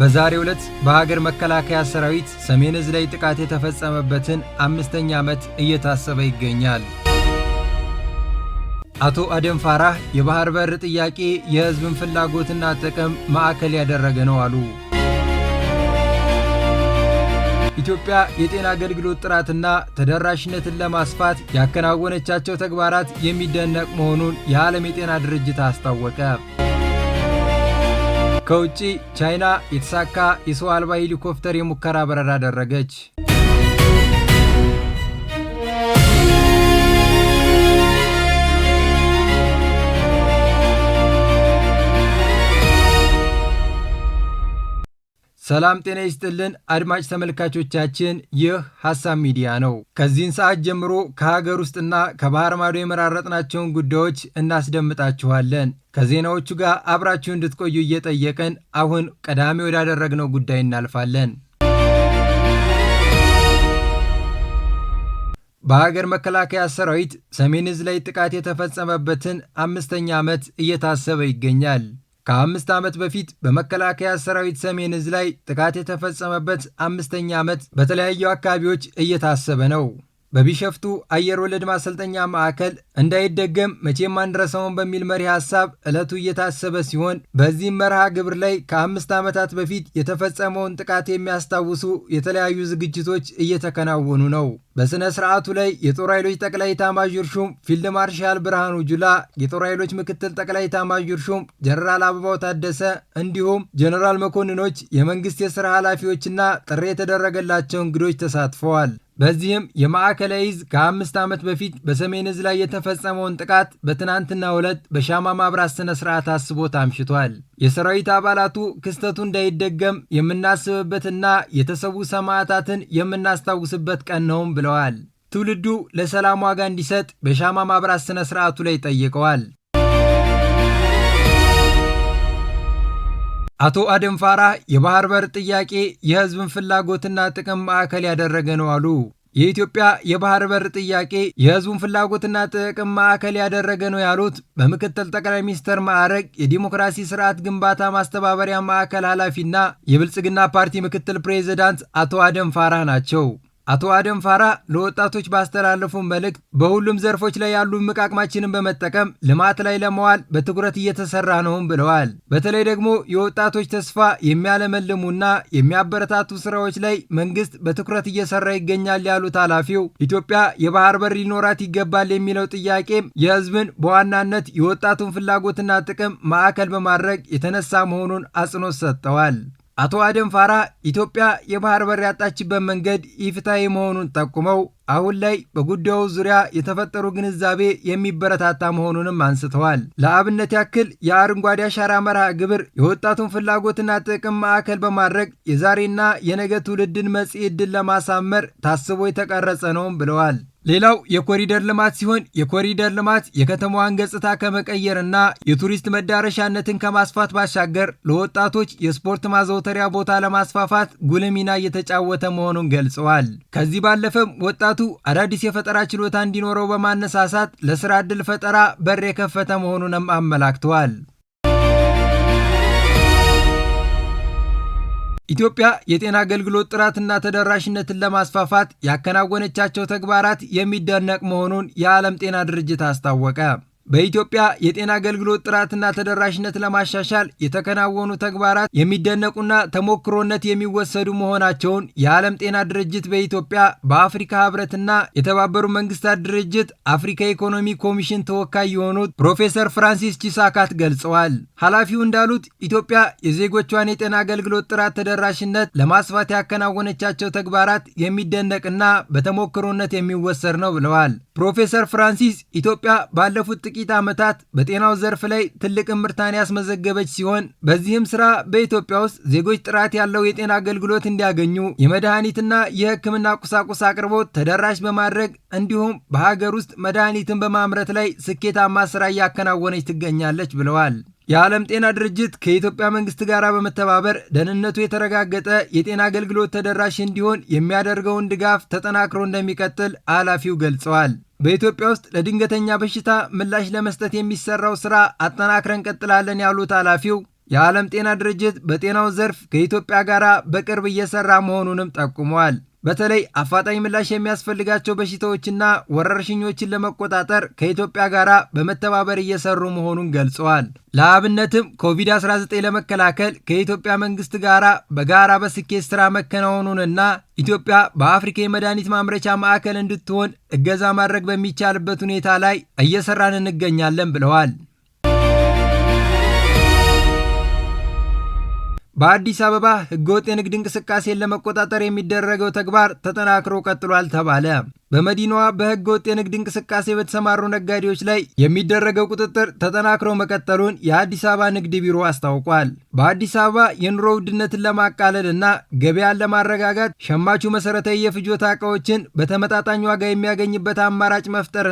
በዛሬው ዕለት በሀገር መከላከያ ሰራዊት ሰሜን ዕዝ ላይ ጥቃት የተፈጸመበትን አምስተኛ ዓመት እየታሰበ ይገኛል። አቶ አደም ፋራህ የባህር በር ጥያቄ የሕዝብን ፍላጎትና ጥቅም ማዕከል ያደረገ ነው አሉ። ኢትዮጵያ የጤና አገልግሎት ጥራትና ተደራሽነትን ለማስፋት ያከናወነቻቸው ተግባራት የሚደነቅ መሆኑን የዓለም የጤና ድርጅት አስታወቀ። ከውጭ ቻይና የተሳካ የሰው አልባ ሄሊኮፕተር የሙከራ በረራ አደረገች። ሰላም ጤና ይስጥልን አድማጭ ተመልካቾቻችን፣ ይህ ሀሳብ ሚዲያ ነው። ከዚህን ሰዓት ጀምሮ ከሀገር ውስጥና ከባህር ማዶ የመራረጥናቸውን ጉዳዮች እናስደምጣችኋለን። ከዜናዎቹ ጋር አብራችሁ እንድትቆዩ እየጠየቅን አሁን ቀዳሚ ወዳደረግነው ጉዳይ እናልፋለን። በሀገር መከላከያ ሰራዊት ሰሜን ዕዝ ላይ ጥቃት የተፈጸመበትን አምስተኛ ዓመት እየታሰበ ይገኛል። ከአምስት ዓመት በፊት በመከላከያ ሰራዊት ሰሜን እዝ ላይ ጥቃት የተፈጸመበት አምስተኛ ዓመት በተለያዩ አካባቢዎች እየታሰበ ነው። በቢሸፍቱ አየር ወለድ ማሰልጠኛ ማዕከል እንዳይደገም መቼም አንረሳውን በሚል መሪ ሀሳብ ዕለቱ እየታሰበ ሲሆን በዚህም መርሃ ግብር ላይ ከአምስት ዓመታት በፊት የተፈጸመውን ጥቃት የሚያስታውሱ የተለያዩ ዝግጅቶች እየተከናወኑ ነው። በሥነ ሥርዓቱ ላይ የጦር ኃይሎች ጠቅላይ ኤታማዦር ሹም ፊልድ ማርሻል ብርሃኑ ጁላ፣ የጦር ኃይሎች ምክትል ጠቅላይ ኤታማዦር ሹም ጀነራል አበባው ታደሰ እንዲሁም ጀነራል መኮንኖች፣ የመንግሥት የሥራ ኃላፊዎችና ጥሪ የተደረገላቸው እንግዶች ተሳትፈዋል። በዚህም የማዕከላዊ እዝ ከአምስት ዓመት በፊት በሰሜን እዝ ላይ የተፈጸመውን ጥቃት በትናንትና ዕለት በሻማ ማብራት ሥነ ሥርዓት አስቦ ታምሽቷል። የሰራዊት አባላቱ ክስተቱ እንዳይደገም የምናስብበትና የተሰዉ ሰማዕታትን የምናስታውስበት ቀን ነውም ብለዋል። ትውልዱ ለሰላም ዋጋ እንዲሰጥ በሻማ ማብራት ሥነ ሥርዓቱ ላይ ጠይቀዋል። አቶ አደም ፋራ የባህር በር ጥያቄ የህዝብን ፍላጎትና ጥቅም ማዕከል ያደረገ ነው አሉ። የኢትዮጵያ የባህር በር ጥያቄ የህዝቡን ፍላጎትና ጥቅም ማዕከል ያደረገ ነው ያሉት በምክትል ጠቅላይ ሚኒስትር ማዕረግ የዲሞክራሲ ስርዓት ግንባታ ማስተባበሪያ ማዕከል ኃላፊና የብልጽግና ፓርቲ ምክትል ፕሬዚዳንት አቶ አደም ፋራ ናቸው። አቶ አደም ፋራ ለወጣቶች ባስተላለፉ መልእክት በሁሉም ዘርፎች ላይ ያሉ እምቅ አቅማችንን በመጠቀም ልማት ላይ ለመዋል በትኩረት እየተሰራ ነውም ብለዋል። በተለይ ደግሞ የወጣቶች ተስፋ የሚያለመልሙና የሚያበረታቱ ስራዎች ላይ መንግስት በትኩረት እየሰራ ይገኛል ያሉት ኃላፊው ኢትዮጵያ የባህር በር ሊኖራት ይገባል የሚለው ጥያቄም የህዝብን በዋናነት የወጣቱን ፍላጎትና ጥቅም ማዕከል በማድረግ የተነሳ መሆኑን አጽንኦት ሰጥተዋል። አቶ አደም ፋራ ኢትዮጵያ የባህር በር ያጣችበት መንገድ ኢፍትሐዊ መሆኑን ጠቁመው አሁን ላይ በጉዳዩ ዙሪያ የተፈጠሩ ግንዛቤ የሚበረታታ መሆኑንም አንስተዋል። ለአብነት ያክል የአረንጓዴ አሻራ መርሃ ግብር የወጣቱን ፍላጎትና ጥቅም ማዕከል በማድረግ የዛሬና የነገ ትውልድን መጻኢ ዕድል ለማሳመር ታስቦ የተቀረጸ ነውም ብለዋል። ሌላው የኮሪደር ልማት ሲሆን የኮሪደር ልማት የከተማዋን ገጽታ ከመቀየርና የቱሪስት መዳረሻነትን ከማስፋት ባሻገር ለወጣቶች የስፖርት ማዘውተሪያ ቦታ ለማስፋፋት ጉልህ ሚና እየተጫወተ መሆኑን ገልጸዋል። ከዚህ ባለፈም ወጣቱ አዳዲስ የፈጠራ ችሎታ እንዲኖረው በማነሳሳት ለስራ ዕድል ፈጠራ በር የከፈተ መሆኑንም አመላክተዋል። ኢትዮጵያ የጤና አገልግሎት ጥራትና ተደራሽነትን ለማስፋፋት ያከናወነቻቸው ተግባራት የሚደነቅ መሆኑን የዓለም ጤና ድርጅት አስታወቀ። በኢትዮጵያ የጤና አገልግሎት ጥራትና ተደራሽነት ለማሻሻል የተከናወኑ ተግባራት የሚደነቁና ተሞክሮነት የሚወሰዱ መሆናቸውን የዓለም ጤና ድርጅት በኢትዮጵያ በአፍሪካ ህብረትና የተባበሩ መንግስታት ድርጅት አፍሪካ ኢኮኖሚ ኮሚሽን ተወካይ የሆኑት ፕሮፌሰር ፍራንሲስ ቺሳካት ገልጸዋል። ኃላፊው እንዳሉት ኢትዮጵያ የዜጎቿን የጤና አገልግሎት ጥራት ተደራሽነት ለማስፋት ያከናወነቻቸው ተግባራት የሚደነቅና በተሞክሮነት የሚወሰድ ነው ብለዋል። ፕሮፌሰር ፍራንሲስ ኢትዮጵያ ባለፉት ጥቂት ዓመታት በጤናው ዘርፍ ላይ ትልቅ እምርታን ያስመዘገበች ሲሆን በዚህም ስራ በኢትዮጵያ ውስጥ ዜጎች ጥራት ያለው የጤና አገልግሎት እንዲያገኙ የመድኃኒትና የሕክምና ቁሳቁስ አቅርቦት ተደራሽ በማድረግ እንዲሁም በሀገር ውስጥ መድኃኒትን በማምረት ላይ ስኬታማ ስራ እያከናወነች ትገኛለች ብለዋል። የዓለም ጤና ድርጅት ከኢትዮጵያ መንግስት ጋር በመተባበር ደህንነቱ የተረጋገጠ የጤና አገልግሎት ተደራሽ እንዲሆን የሚያደርገውን ድጋፍ ተጠናክሮ እንደሚቀጥል ኃላፊው ገልጸዋል። በኢትዮጵያ ውስጥ ለድንገተኛ በሽታ ምላሽ ለመስጠት የሚሰራው ስራ አጠናክረን እንቀጥላለን ያሉት ኃላፊው የዓለም ጤና ድርጅት በጤናው ዘርፍ ከኢትዮጵያ ጋር በቅርብ እየሰራ መሆኑንም ጠቁመዋል። በተለይ አፋጣኝ ምላሽ የሚያስፈልጋቸው በሽታዎችና ወረርሽኞችን ለመቆጣጠር ከኢትዮጵያ ጋር በመተባበር እየሰሩ መሆኑን ገልጸዋል። ለአብነትም ኮቪድ-19 ለመከላከል ከኢትዮጵያ መንግስት ጋር በጋራ በስኬት ስራ መከናወኑንና ኢትዮጵያ በአፍሪካ የመድኃኒት ማምረቻ ማዕከል እንድትሆን እገዛ ማድረግ በሚቻልበት ሁኔታ ላይ እየሰራን እንገኛለን ብለዋል። በአዲስ አበባ ህገወጥ የንግድ እንቅስቃሴን ለመቆጣጠር የሚደረገው ተግባር ተጠናክሮ ቀጥሏል ተባለ። በመዲናዋ በህገ ወጥ የንግድ እንቅስቃሴ በተሰማሩ ነጋዴዎች ላይ የሚደረገው ቁጥጥር ተጠናክሮ መቀጠሉን የአዲስ አበባ ንግድ ቢሮ አስታውቋል። በአዲስ አበባ የኑሮ ውድነትን ለማቃለል እና ገበያን ለማረጋጋት ሸማቹ መሰረታዊ የፍጆታ እቃዎችን በተመጣጣኝ ዋጋ የሚያገኝበት አማራጭ መፍጠር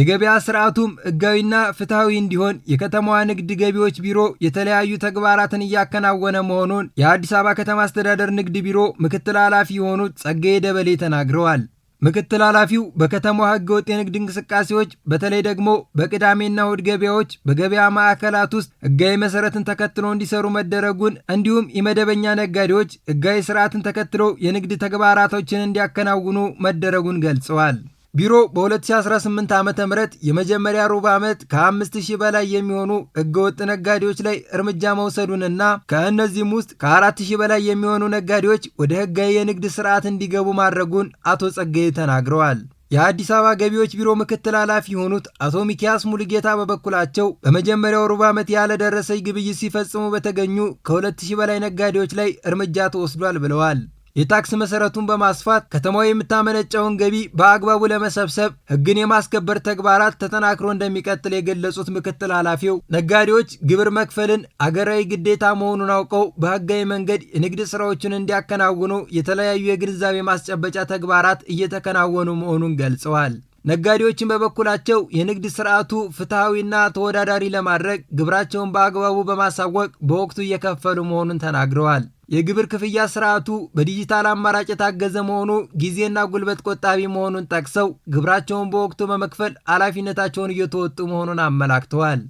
የገበያ ስርዓቱም ሕጋዊና ፍትሐዊ እንዲሆን የከተማዋ ንግድ ገቢዎች ቢሮ የተለያዩ ተግባራትን እያከናወነ መሆኑን የአዲስ አበባ ከተማ አስተዳደር ንግድ ቢሮ ምክትል ኃላፊ የሆኑት ጸጋዬ ደበሌ ተናግረዋል። ምክትል ኃላፊው በከተማዋ ህገወጥ የንግድ እንቅስቃሴዎች በተለይ ደግሞ በቅዳሜና እሁድ ገበያዎች በገበያ ማዕከላት ውስጥ ህጋዊ መሰረትን ተከትሎ እንዲሰሩ መደረጉን እንዲሁም የመደበኛ ነጋዴዎች ህጋዊ ስርዓትን ተከትለው የንግድ ተግባራቶችን እንዲያከናውኑ መደረጉን ገልጸዋል። ቢሮ በ2018 ዓ ም የመጀመሪያ ሩብ ዓመት ከ5 በላይ የሚሆኑ ህገወጥ ነጋዴዎች ላይ እርምጃ መውሰዱንና ከእነዚህም ውስጥ ከ4 በላይ የሚሆኑ ነጋዴዎች ወደ ህጋዊ የንግድ ስርዓት እንዲገቡ ማድረጉን አቶ ጸጋዬ ተናግረዋል። የአዲስ አበባ ገቢዎች ቢሮ ምክትል ኃላፊ የሆኑት አቶ ሚኪያስ ሙሉጌታ በበኩላቸው በመጀመሪያው ሩብ ዓመት ያለ ደረሰኝ ግብይት ሲፈጽሙ በተገኙ ከ 2000 በላይ ነጋዴዎች ላይ እርምጃ ተወስዷል ብለዋል። የታክስ መሰረቱን በማስፋት ከተማው የምታመነጨውን ገቢ በአግባቡ ለመሰብሰብ ህግን የማስከበር ተግባራት ተጠናክሮ እንደሚቀጥል የገለጹት ምክትል ኃላፊው ነጋዴዎች ግብር መክፈልን አገራዊ ግዴታ መሆኑን አውቀው በህጋዊ መንገድ የንግድ ስራዎችን እንዲያከናውኑ የተለያዩ የግንዛቤ ማስጨበጫ ተግባራት እየተከናወኑ መሆኑን ገልጸዋል። ነጋዴዎችን በበኩላቸው የንግድ ስርዓቱ ፍትሐዊና ተወዳዳሪ ለማድረግ ግብራቸውን በአግባቡ በማሳወቅ በወቅቱ እየከፈሉ መሆኑን ተናግረዋል። የግብር ክፍያ ስርዓቱ በዲጂታል አማራጭ የታገዘ መሆኑ ጊዜና ጉልበት ቆጣቢ መሆኑን ጠቅሰው ግብራቸውን በወቅቱ በመክፈል ኃላፊነታቸውን እየተወጡ መሆኑን አመላክተዋል።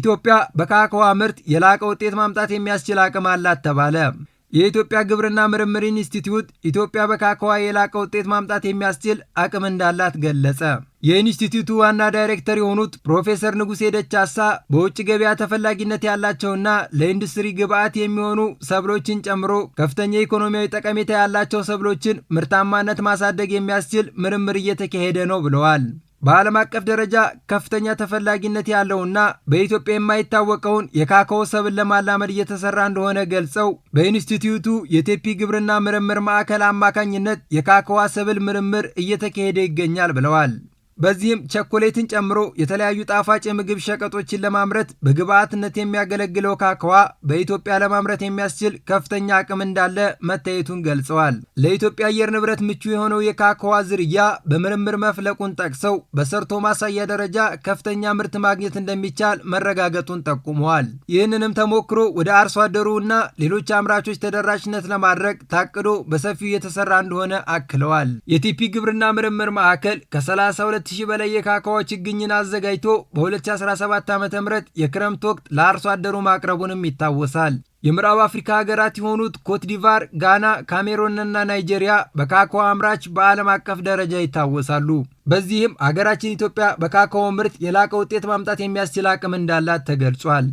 ኢትዮጵያ በካካዋ ምርት የላቀ ውጤት ማምጣት የሚያስችል አቅም አላት ተባለ። የኢትዮጵያ ግብርና ምርምር ኢንስቲትዩት ኢትዮጵያ በካካዋ የላቀ ውጤት ማምጣት የሚያስችል አቅም እንዳላት ገለጸ። የኢንስቲትዩቱ ዋና ዳይሬክተር የሆኑት ፕሮፌሰር ንጉሴ ደቻሳ በውጭ ገበያ ተፈላጊነት ያላቸውና ለኢንዱስትሪ ግብዓት የሚሆኑ ሰብሎችን ጨምሮ ከፍተኛ ኢኮኖሚያዊ ጠቀሜታ ያላቸው ሰብሎችን ምርታማነት ማሳደግ የሚያስችል ምርምር እየተካሄደ ነው ብለዋል። በዓለም አቀፍ ደረጃ ከፍተኛ ተፈላጊነት ያለውና በኢትዮጵያ የማይታወቀውን የካካዎ ሰብል ለማላመድ እየተሰራ እንደሆነ ገልጸው በኢንስቲትዩቱ የቴፒ ግብርና ምርምር ማዕከል አማካኝነት የካካዋ ሰብል ምርምር እየተካሄደ ይገኛል ብለዋል። በዚህም ቸኮሌትን ጨምሮ የተለያዩ ጣፋጭ የምግብ ሸቀጦችን ለማምረት በግብዓትነት የሚያገለግለው ካካዋ በኢትዮጵያ ለማምረት የሚያስችል ከፍተኛ አቅም እንዳለ መታየቱን ገልጸዋል። ለኢትዮጵያ አየር ንብረት ምቹ የሆነው የካካዋ ዝርያ በምርምር መፍለቁን ጠቅሰው በሰርቶ ማሳያ ደረጃ ከፍተኛ ምርት ማግኘት እንደሚቻል መረጋገጡን ጠቁመዋል። ይህንንም ተሞክሮ ወደ አርሶ አደሩ እና ሌሎች አምራቾች ተደራሽነት ለማድረግ ታቅዶ በሰፊው የተሰራ እንደሆነ አክለዋል። የቲፒ ግብርና ምርምር ማዕከል ከ32 ከሁለት ሺህ በላይ የካካዎ ችግኝን አዘጋጅቶ በ2017 ዓ ም የክረምት ወቅት ለአርሶ አደሩ ማቅረቡንም ይታወሳል። የምዕራብ አፍሪካ ሀገራት የሆኑት ኮትዲቫር፣ ጋና፣ ካሜሮንና ናይጄሪያ በካካዎ አምራች በዓለም አቀፍ ደረጃ ይታወሳሉ። በዚህም ሀገራችን ኢትዮጵያ በካካዎ ምርት የላቀ ውጤት ማምጣት የሚያስችል አቅም እንዳላት ተገልጿል።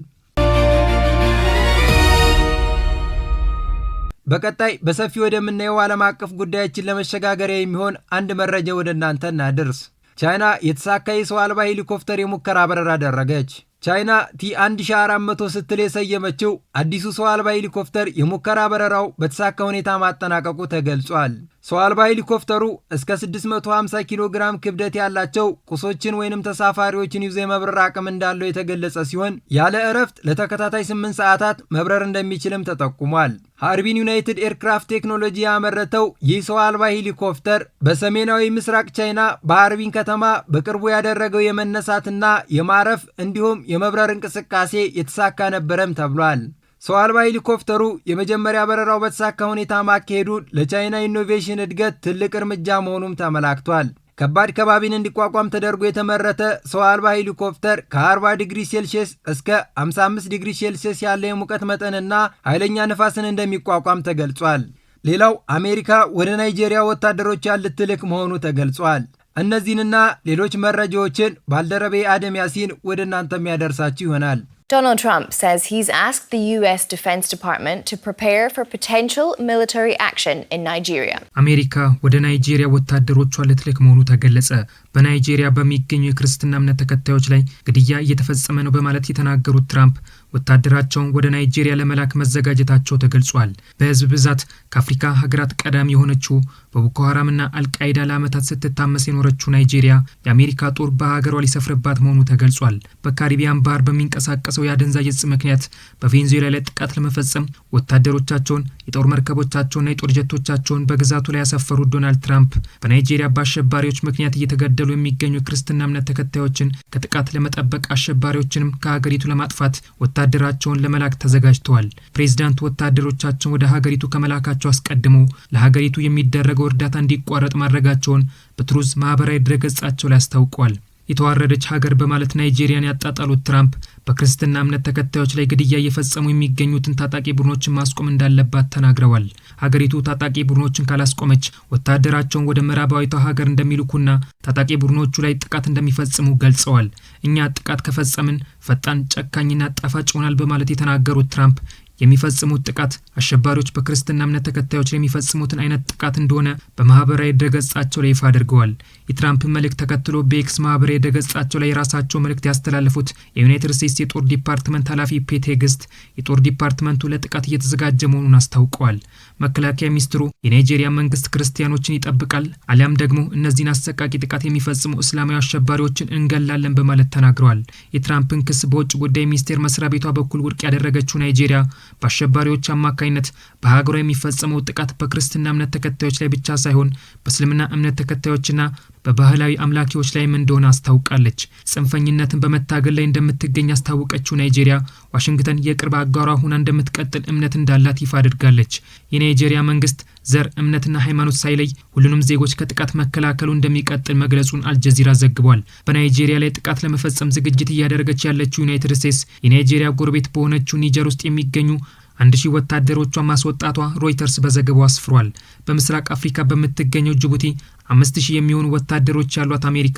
በቀጣይ በሰፊ ወደምናየው ዓለም አቀፍ ጉዳያችን ለመሸጋገሪያ የሚሆን አንድ መረጃ ወደ እናንተ እናድርስ። ቻይና የተሳካ የሰው አልባ ሄሊኮፕተር የሙከራ በረራ አደረገች። ቻይና ቲ1400 ስትል የሰየመችው አዲሱ ሰው አልባ ሄሊኮፕተር የሙከራ በረራው በተሳካ ሁኔታ ማጠናቀቁ ተገልጿል። ሰው አልባ ሄሊኮፕተሩ እስከ 650 ኪሎ ግራም ክብደት ያላቸው ቁሶችን ወይንም ተሳፋሪዎችን ይዞ የመብረር አቅም እንዳለው የተገለጸ ሲሆን ያለ እረፍት ለተከታታይ 8 ሰዓታት መብረር እንደሚችልም ተጠቁሟል። ሃርቢን ዩናይትድ ኤርክራፍት ቴክኖሎጂ ያመረተው ይህ ሰው አልባ ሄሊኮፕተር በሰሜናዊ ምስራቅ ቻይና በሃርቢን ከተማ በቅርቡ ያደረገው የመነሳትና የማረፍ እንዲሁም የመብረር እንቅስቃሴ የተሳካ ነበረም ተብሏል። ሰው አልባ ሄሊኮፕተሩ የመጀመሪያ በረራው በተሳካ ሁኔታ ማካሄዱ ለቻይና ኢኖቬሽን እድገት ትልቅ እርምጃ መሆኑም ተመላክቷል። ከባድ ከባቢን እንዲቋቋም ተደርጎ የተመረተ ሰው አልባ ሄሊኮፕተር ከ40 ዲግሪ ሴልሲየስ እስከ 55 ዲግሪ ሴልሲየስ ያለ የሙቀት መጠንና ኃይለኛ ንፋስን እንደሚቋቋም ተገልጿል። ሌላው አሜሪካ ወደ ናይጄሪያ ወታደሮች ልትልክ መሆኑ ተገልጿል። እነዚህንና ሌሎች መረጃዎችን ባልደረቤ አደም ያሲን ወደ እናንተ የሚያደርሳችሁ ይሆናል። Donald Trump says he's asked the US Defense Department to prepare for potential military action in Nigeria. አሜሪካ ወደ ናይጄሪያ ወታደሮቿ ልትልክ መሆኑ ተገለጸ። በናይጄሪያ በሚገኙ የክርስትና እምነት ተከታዮች ላይ ግድያ እየተፈጸመ ነው በማለት የተናገሩት ትራምፕ ወታደራቸውን ወደ ናይጄሪያ ለመላክ መዘጋጀታቸው ተገልጿል። በህዝብ ብዛት ከአፍሪካ ሀገራት ቀዳሚ የሆነችው በቦኮ ሀራምና አልቃይዳ ለዓመታት ስትታመስ የኖረችው ናይጄሪያ የአሜሪካ ጦር በሀገሯ ሊሰፍርባት መሆኑ ተገልጿል። በካሪቢያን ባህር በሚንቀሳቀሰው የአደንዛዥ እጽ ምክንያት በቬንዙዌላ ላይ ጥቃት ለመፈጸም ወታደሮቻቸውን፣ የጦር መርከቦቻቸውና የጦር ጀቶቻቸውን በግዛቱ ላይ ያሰፈሩት ዶናልድ ትራምፕ በናይጄሪያ በአሸባሪዎች ምክንያት እየተገደ እየገደሉ የሚገኙ የክርስትና እምነት ተከታዮችን ከጥቃት ለመጠበቅ አሸባሪዎችንም ከሀገሪቱ ለማጥፋት ወታደራቸውን ለመላክ ተዘጋጅተዋል። ፕሬዚዳንቱ ወታደሮቻቸውን ወደ ሀገሪቱ ከመላካቸው አስቀድሞ ለሀገሪቱ የሚደረገው እርዳታ እንዲቋረጥ ማድረጋቸውን በትሩዝ ማህበራዊ ድረገጻቸው ላይ አስታውቋል። የተዋረደች ሀገር በማለት ናይጄሪያን ያጣጣሉት ትራምፕ በክርስትና እምነት ተከታዮች ላይ ግድያ እየፈጸሙ የሚገኙትን ታጣቂ ቡድኖችን ማስቆም እንዳለባት ተናግረዋል። ሀገሪቱ ታጣቂ ቡድኖችን ካላስቆመች ወታደራቸውን ወደ ምዕራባዊቷ ሀገር እንደሚልኩና ታጣቂ ቡድኖቹ ላይ ጥቃት እንደሚፈጽሙ ገልጸዋል። እኛ ጥቃት ከፈጸምን ፈጣን ጨካኝና ጣፋጭ ይሆናል በማለት የተናገሩት ትራምፕ የሚፈጽሙት ጥቃት አሸባሪዎች በክርስትና እምነት ተከታዮች የሚፈጽሙትን አይነት ጥቃት እንደሆነ በማህበራዊ ድረገጻቸው ላይ ይፋ አድርገዋል። የትራምፕን መልእክት ተከትሎ በኤክስ ማህበራዊ ድረገጻቸው ላይ የራሳቸው መልእክት ያስተላለፉት የዩናይትድ ስቴትስ የጦር ዲፓርትመንት ኃላፊ ፔቴ ግስት የጦር ዲፓርትመንቱ ለጥቃት እየተዘጋጀ መሆኑን አስታውቀዋል። መከላከያ ሚኒስትሩ የናይጄሪያ መንግስት ክርስቲያኖችን ይጠብቃል አሊያም ደግሞ እነዚህን አሰቃቂ ጥቃት የሚፈጽሙ እስላማዊ አሸባሪዎችን እንገላለን በማለት ተናግረዋል። የትራምፕን ክስ በውጭ ጉዳይ ሚኒስቴር መስሪያ ቤቷ በኩል ውድቅ ያደረገችው ናይጄሪያ በአሸባሪዎች አማካኝነት በሀገሯ የሚፈጸመው ጥቃት በክርስትና እምነት ተከታዮች ላይ ብቻ ሳይሆን በእስልምና እምነት ተከታዮችና በባህላዊ አምላኪዎች ላይም እንደሆነ አስታውቃለች። ጽንፈኝነትን በመታገል ላይ እንደምትገኝ ያስታወቀችው ናይጄሪያ ዋሽንግተን የቅርብ አጋሯ ሁና እንደምትቀጥል እምነት እንዳላት ይፋ አድርጋለች። የናይጄሪያ መንግስት ዘር፣ እምነትና ሃይማኖት ሳይለይ ሁሉንም ዜጎች ከጥቃት መከላከሉ እንደሚቀጥል መግለጹን አልጀዚራ ዘግቧል። በናይጄሪያ ላይ ጥቃት ለመፈጸም ዝግጅት እያደረገች ያለችው ዩናይትድ ስቴትስ የናይጄሪያ ጎረቤት በሆነችው ኒጀር ውስጥ የሚገኙ አንድ ሺህ ወታደሮቿን ማስወጣቷ ሮይተርስ በዘገባው አስፍሯል። በምስራቅ አፍሪካ በምትገኘው ጅቡቲ አምስት ሺህ የሚሆኑ ወታደሮች ያሏት አሜሪካ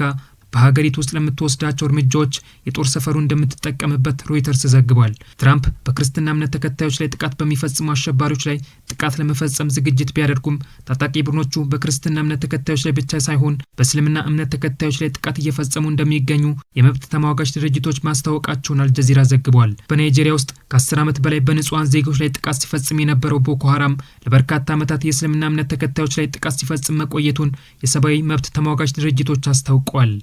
በሀገሪቱ ውስጥ ለምትወስዳቸው እርምጃዎች የጦር ሰፈሩ እንደምትጠቀምበት ሮይተርስ ዘግቧል። ትራምፕ በክርስትና እምነት ተከታዮች ላይ ጥቃት በሚፈጽሙ አሸባሪዎች ላይ ጥቃት ለመፈጸም ዝግጅት ቢያደርጉም ታጣቂ ቡድኖቹ በክርስትና እምነት ተከታዮች ላይ ብቻ ሳይሆን በእስልምና እምነት ተከታዮች ላይ ጥቃት እየፈጸሙ እንደሚገኙ የመብት ተሟጋች ድርጅቶች ማስታወቃቸውን አልጀዚራ ዘግቧል። በናይጄሪያ ውስጥ ከአስር ዓመት በላይ በንጹሐን ዜጎች ላይ ጥቃት ሲፈጽም የነበረው ቦኮ ሀራም ለበርካታ ዓመታት የእስልምና እምነት ተከታዮች ላይ ጥቃት ሲፈጽም መቆየቱን የሰብአዊ መብት ተሟጋች ድርጅቶች አስታውቀዋል።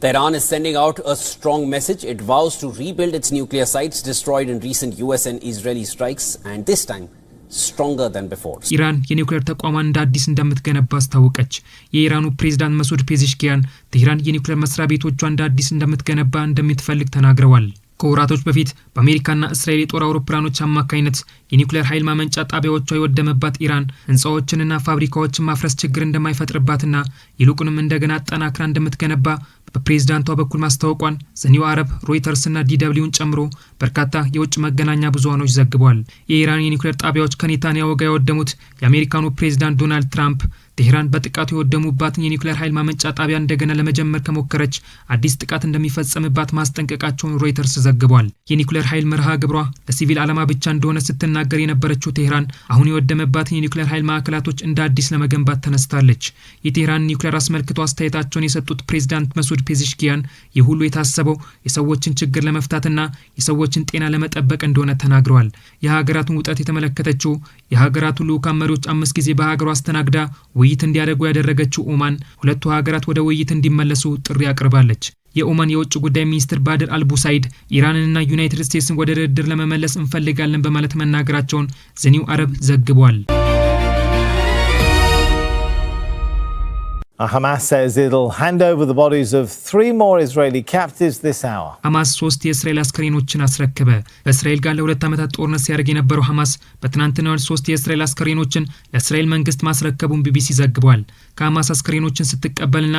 Tehran is sending out a strong message. It vows to rebuild its nuclear sites destroyed in recent US and Israeli strikes, and this time stronger than before. ኢራን የኒውክሌር ተቋሟን እንደ አዲስ እንደምትገነባ አስታወቀች። የኢራኑ ፕሬዚዳንት መስዑድ ፔዜሽኪያን ትሄራን የኒውክሌር መስሪያ ቤቶቿ እንደ አዲስ እንደምትገነባ እንደምትፈልግ ተናግረዋል። ከወራቶች በፊት በአሜሪካና እስራኤል የጦር አውሮፕላኖች አማካኝነት የኒውክሌር ኃይል ማመንጫ ጣቢያዎቿ የወደመባት ኢራን ህንፃዎችንና ፋብሪካዎችን ማፍረስ ችግር እንደማይፈጥርባትና ይልቁንም እንደገና አጠናክራ እንደምትገነባ በፕሬዝዳንቷ በኩል ማስታወቋን ዘኒው አረብ ሮይተርስና ዲደብሊውን ጨምሮ በርካታ የውጭ መገናኛ ብዙሃኖች ዘግቧል። የኢራን የኒውክሌር ጣቢያዎች ከኔታንያ ወጋ የወደሙት የአሜሪካኑ ፕሬዚዳንት ዶናልድ ትራምፕ ቴህራን በጥቃቱ የወደሙባትን የኒውክሌር ኃይል ማመንጫ ጣቢያ እንደገና ለመጀመር ከሞከረች አዲስ ጥቃት እንደሚፈጸምባት ማስጠንቀቃቸውን ሮይተርስ ዘግቧል። የኒውክሌር ኃይል መርሃ ግብሯ ለሲቪል ዓላማ ብቻ እንደሆነ ስትናገር የነበረችው ቴህራን አሁን የወደመባትን የኒውክሌር ኃይል ማዕከላቶች እንደ አዲስ ለመገንባት ተነስታለች። የቴህራን ኒውክሌር አስመልክቶ አስተያየታቸውን የሰጡት ፕሬዚዳንት መሱድ ፔዚሽኪያን ይህ ሁሉ የታሰበው የሰዎችን ችግር ለመፍታትና የሰዎች የዜጎችን ጤና ለመጠበቅ እንደሆነ ተናግረዋል። የሀገራቱን ውጠት የተመለከተችው የሀገራቱ ልዑካን መሪዎች አምስት ጊዜ በሀገሯ አስተናግዳ ውይይት እንዲያደርጉ ያደረገችው ኦማን ሁለቱ ሀገራት ወደ ውይይት እንዲመለሱ ጥሪ አቅርባለች። የኦማን የውጭ ጉዳይ ሚኒስትር ባድር አልቡሳይድ ኢራንንና ዩናይትድ ስቴትስን ወደ ድርድር ለመመለስ እንፈልጋለን በማለት መናገራቸውን ዘኒው አረብ ዘግቧል። Hamas says it'll hand over the bodies of three more Israeli captives this hour. ሐማስ ሶስት የእስራኤል አስከሬኖችን አስረከበ። በእስራኤል ጋር ለሁለት ዓመታት ጦርነት ሲያደርግ የነበረው ሐማስ በትናንትናው ሶስት የእስራኤል አስከሬኖችን ለእስራኤል መንግስት ማስረከቡን ቢቢሲ ዘግቧል። ከሐማስ አስከሬኖችን ስትቀበልና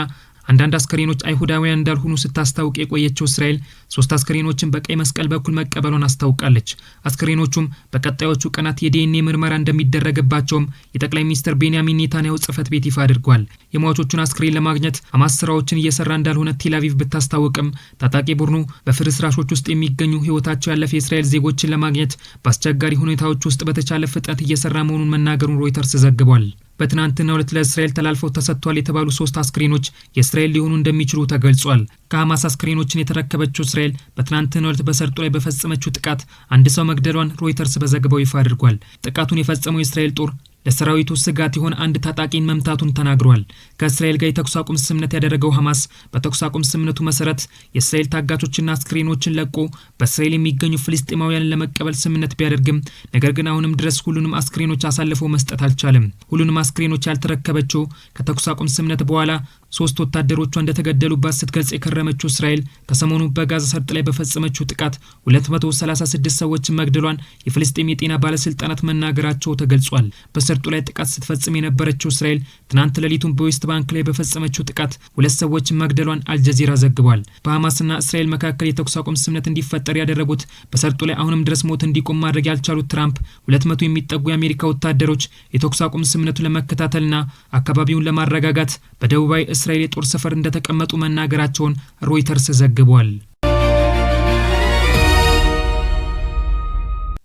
አንዳንድ አስከሬኖች አይሁዳውያን እንዳልሆኑ ስታስታውቅ የቆየችው እስራኤል ሶስት አስከሬኖችን በቀይ መስቀል በኩል መቀበሏን አስታውቃለች። አስከሬኖቹም በቀጣዮቹ ቀናት የዲኤንኤ ምርመራ እንደሚደረግባቸውም የጠቅላይ ሚኒስትር ቤንያሚን ኔታንያሁ ጽህፈት ቤት ይፋ አድርጓል። የሟቾቹን አስክሬን ለማግኘት ሐማስ ስራዎችን እየሰራ እንዳልሆነ ቴልአቪቭ ብታስታውቅም ታጣቂ ቡድኑ በፍርስራሾች ውስጥ የሚገኙ ህይወታቸው ያለፈ የእስራኤል ዜጎችን ለማግኘት በአስቸጋሪ ሁኔታዎች ውስጥ በተቻለ ፍጥነት እየሰራ መሆኑን መናገሩን ሮይተርስ ዘግቧል። በትናንትና ሁለት ለእስራኤል ተላልፈው ተሰጥቷል የተባሉ ሶስት አስክሬኖች የእስራኤል ሊሆኑ እንደሚችሉ ተገልጿል። ከሐማስ አስክሬኖችን የተረከበችው እስራኤል በትናንትና ሁለት በሰርጡ ላይ በፈጸመችው ጥቃት አንድ ሰው መግደሏን ሮይተርስ በዘገባው ይፋ አድርጓል። ጥቃቱን የፈጸመው የእስራኤል ጦር ለሰራዊቱ ስጋት ይሆን አንድ ታጣቂን መምታቱን ተናግሯል። ከእስራኤል ጋር የተኩስ አቁም ስምምነት ያደረገው ሐማስ በተኩስ አቁም ስምምነቱ መሰረት የእስራኤል ታጋቾችና አስክሬኖችን ለቆ በእስራኤል የሚገኙ ፍልስጤማውያንን ለመቀበል ስምምነት ቢያደርግም ነገር ግን አሁንም ድረስ ሁሉንም አስክሬኖች አሳልፎ መስጠት አልቻለም። ሁሉንም አስክሬኖች ያልተረከበችው ከተኩስ አቁም ስምምነት በኋላ ሶስት ወታደሮቿ እንደተገደሉባት ስትገልጽ የከረመችው እስራኤል ከሰሞኑ በጋዛ ሰርጥ ላይ በፈጸመችው ጥቃት 236 ሰዎችን መግደሏን የፍልስጤም የጤና ባለስልጣናት መናገራቸው ተገልጿል። በሰርጡ ላይ ጥቃት ስትፈጽም የነበረችው እስራኤል ትናንት ሌሊቱን በዌስት ባንክ ላይ በፈጸመችው ጥቃት ሁለት ሰዎችን መግደሏን አልጀዚራ ዘግቧል። በሐማስና እስራኤል መካከል የተኩስ አቁም ስምነት እንዲፈጠር ያደረጉት በሰርጡ ላይ አሁንም ድረስ ሞት እንዲቆም ማድረግ ያልቻሉት ትራምፕ 200 የሚጠጉ የአሜሪካ ወታደሮች የተኩስ አቁም ስምነቱን ለመከታተልና አካባቢውን ለማረጋጋት በደቡባዊ በእስራኤል የጦር ሰፈር እንደተቀመጡ መናገራቸውን ሮይተርስ ዘግቧል።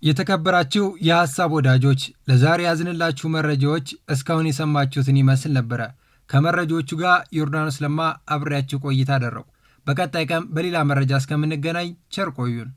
የተከበራችሁ የሐሳብ ወዳጆች ለዛሬ ያዝንላችሁ መረጃዎች እስካሁን የሰማችሁትን ይመስል ነበረ። ከመረጃዎቹ ጋር ዮርዳኖስ ለማ አብሬያችሁ ቆይታ አደረጉ። በቀጣይ ቀን በሌላ መረጃ እስከምንገናኝ ቸር ቆዩን።